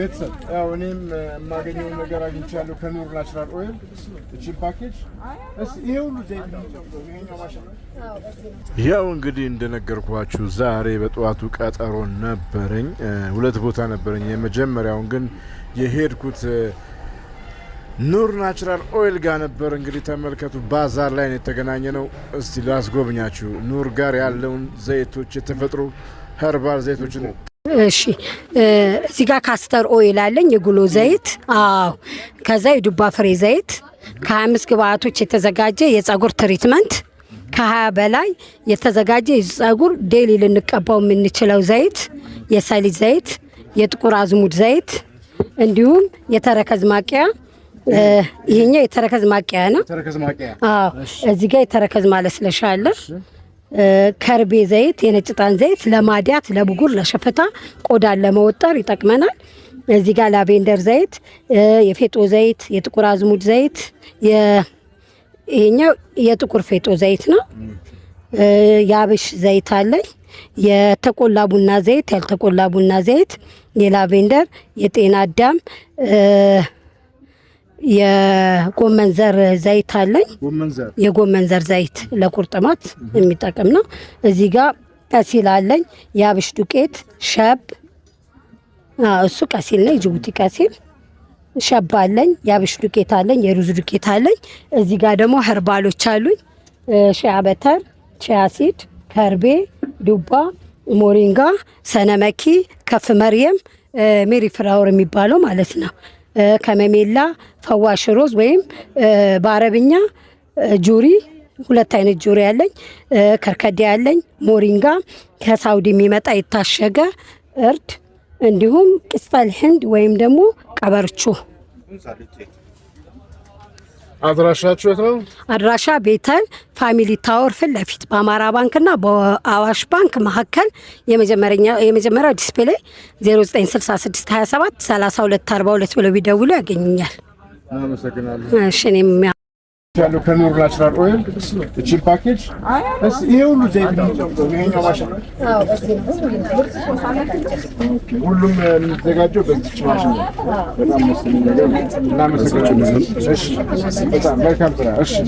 ቤተሰብ ያው እኔም የማገኘውን ነገር አግኝቻለሁ ከኑር ናችራል ኦይል እቺ ፓኬጅ። ይሄ ሁሉ ዘይት ያው እንግዲህ እንደነገርኳችሁ ዛሬ በጠዋቱ ቀጠሮ ነበረኝ። ሁለት ቦታ ነበረኝ። የመጀመሪያውን ግን የሄድኩት ኑር ናቹራል ኦይል ጋር ነበር። እንግዲህ ተመልከቱ፣ ባዛር ላይ ነው የተገናኘ ነው። እስቲ ላስጎብኛችሁ ኑር ጋር ያለውን ዘይቶች የተፈጥሮ ኸርባል ዘይቶችን እሺ እዚህ ጋር ካስተር ኦይል አለኝ፣ የጉሎ ዘይት። አዎ ከዛ የዱባ ፍሬ ዘይት ከ ግብአቶች የተዘጋጀ የጸጉር ትሪትመንት ከሀያ በላይ የተዘጋጀ የጸጉር ዴሊ ልንቀባው የምንችለው ዘይት፣ የሰሊጥ ዘይት፣ የጥቁር አዝሙድ ዘይት እንዲሁም የተረከዝ ማቅያ። ይሄኛው የተረከዝ ማቅያ ነው። አዎ እዚህ ጋር የተረከዝ ማለስለሻ አለ። ከርቤ ዘይት፣ የነጭ ጣን ዘይት ለማዲያት፣ ለብጉር፣ ለሸፈታ ቆዳን ለመወጠር ይጠቅመናል። እዚህ ጋር ላቬንደር ዘይት፣ የፌጦ ዘይት፣ የጥቁር አዝሙድ ዘይት፣ ይሄኛው የጥቁር ፌጦ ዘይት ነው። የአብሽ ዘይት አለኝ። የተቆላ ቡና ዘይት፣ ያልተቆላ ቡና ዘይት፣ የላቬንደር፣ የጤና አዳም የጎመን ዘር ዘይት አለኝ። የጎመን ዘር ዘይት ለቁርጥማት የሚጠቅም ነው። እዚህ ጋር ቀሲል አለኝ። የአብሽ ዱቄት ሸብ፣ እሱ ቀሲል ነው፣ የጅቡቲ ቀሲል ሸብ አለኝ። የአብሽ ዱቄት አለኝ። የሩዝ ዱቄት አለኝ። እዚህ ጋር ደግሞ ህርባሎች አሉኝ። ሻያ በተር፣ ሺያ ሲድ፣ ከርቤ፣ ዱባ፣ ሞሪንጋ፣ ሰነመኪ፣ ከፍ መርየም፣ ሜሪ ፍራወር የሚባለው ማለት ነው። ከመሜላ ፈዋሽ ሮዝ ወይም በአረብኛ ጁሪ ሁለት አይነት ጆሮ ያለኝ ከርከዴ ያለኝ ሞሪንጋ ከሳውዲ የሚመጣ የታሸገ እርድ እንዲሁም ቅጸል ህንድ ወይም ደግሞ ቀበርቹ። አድራሻችሁ የት ነው? አድራሻ ቤተል ፋሚሊ ታወር ፊት ለፊት በአማራ ባንክና በአዋሽ ባንክ መካከል የመጀመሪያው ዲስፕሌይ 096627 3242 ብለው ቢደውሉ ያገኙኛል። እናመሰግናለን። እሺ እኔም ያለው ከኑር ናቹራል ኦይል እቺ ፓኬጅ እስ ይሄ ሁሉ ዘይት ነው። ይሄኛው ማሽን ሁሉም የሚዘጋጀው በዚህ ማሽን ነው። በጣም መሰለኝ ነው። እሺ፣ በጣም መልካም ስራ እሺ።